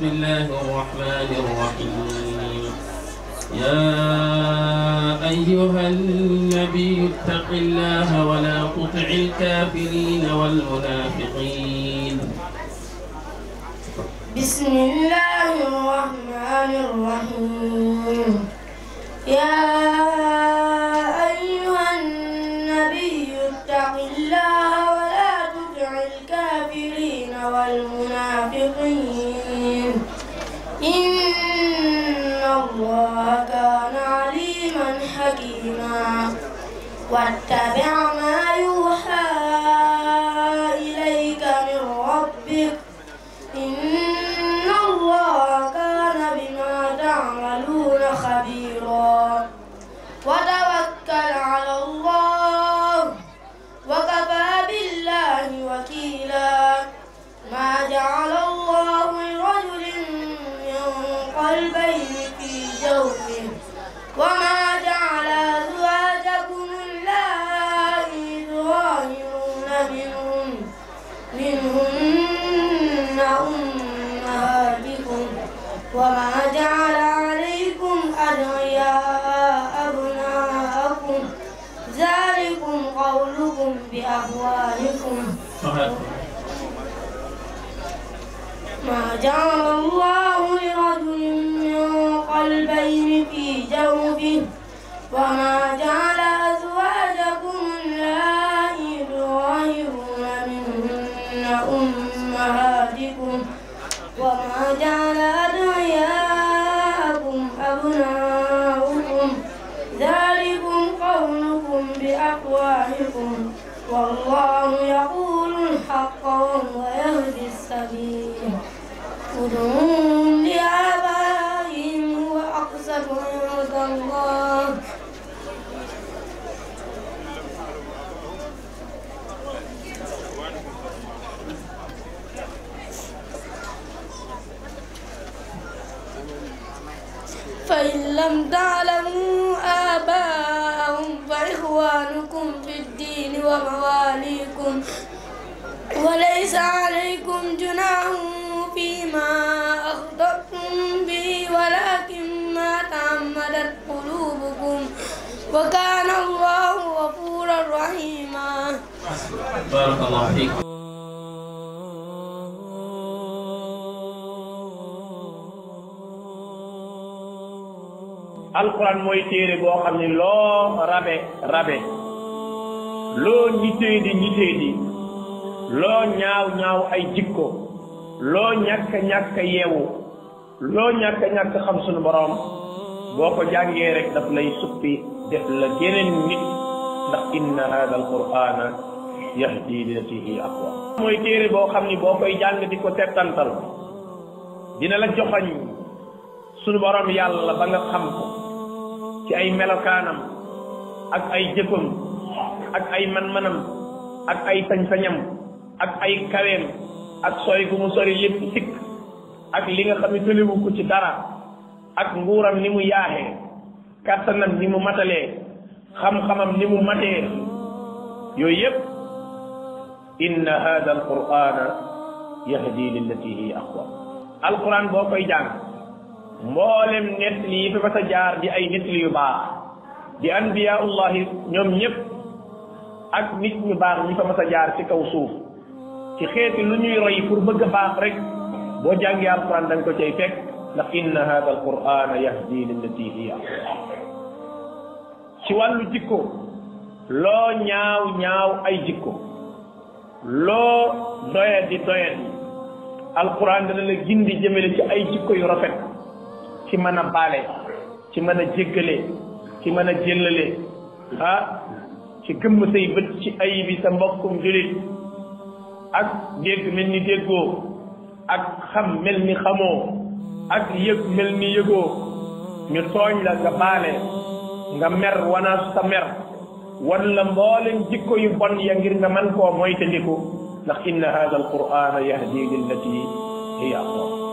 بسم الله الرحمن الرحيم يا أيها النبي اتق الله ولا تطع الكافرين والمنافقين بسم الله الرحمن الرحيم يا أيها النبي اتق الله ولا تطع الكافرين والمنافقين إن الله كان عليما حكيما واتبع ما يوحى عليكم ما جعل الله لرجل من قلبين في جوفه وما جعل أزواجكم الله تظاهرون منهن أمهاتكم وما جعل أدعياءكم أبناؤكم ذلكم قولكم بأقواهكم والله يقول الحق ويهدي السبيل ادعوهم لآبائهم اقسم عند الله فإن لم تعلموا آباءهم فإخوانكم ومواليكم وليس عليكم جناح فيما أخطأتم به ولكن ما تعمدت قلوبكم وكان الله غفورا رحيما بارك الله فيكم القرآن mooy téere boo xam ne loo loo nitee di nitee di loo ñaaw ñaaw ay jikko loo ñàkk ñàkk yeewu loo ñàkk ñàkk xam sunu boroom boo ko jàngee rek daf lay suppi def la geneen nit ndax inna hada al qurana yahdi lillati hiya mooy téere boo xam ni boo koy jàng di ko tettantal dina la joxañ sunu boroom yàlla ba nga xam ko ci ay melokaanam ak ay jëfam ak ay man-manam ak ay sañ ak ay kaweem ak sori mu sori yépp sikk ak li nga xam wu tëliwu ko ci dara ak nguuram ni mu yaaxee kàttanam ni mu matalee xam-xamam ni mu matee yooyu yépp inna hada alqurana yahdi lillati hiya aqwam alquran boo koy jàng mboolem nettali yi fi ba sa jaar di ay nettali yu baax di anbiyaullahi ñoom ñépp ak nit ñu baax ñu fa mësa jaar ci kaw suuf ci xéeti lu ñuy roy pour bëgg baax rek boo jàngee alquran nga ko cay fekk ndax inna hada alquran yahdi lillati hiya ci wàllu jikko loo ñaaw ñaaw ay jikko loo doye di doye di alquran dana la gindi jëmele ci ay jikko yu rafet ci mën a baale ci mën a jéggale ci mën a jëllale ah ci gëm sey bëc ci ay bi sa mbokkum julit ak dégg mel ni déggoo ak xam mel ni xamoo ak yëg mel ni yëgoo ñu tooñ la nga baale nga mer wana sa mer wan la mbooleen jikko yu bon ya ngir nga man koo moytandiku ndax inna hada alqouran yahdi lilati hiya aqwam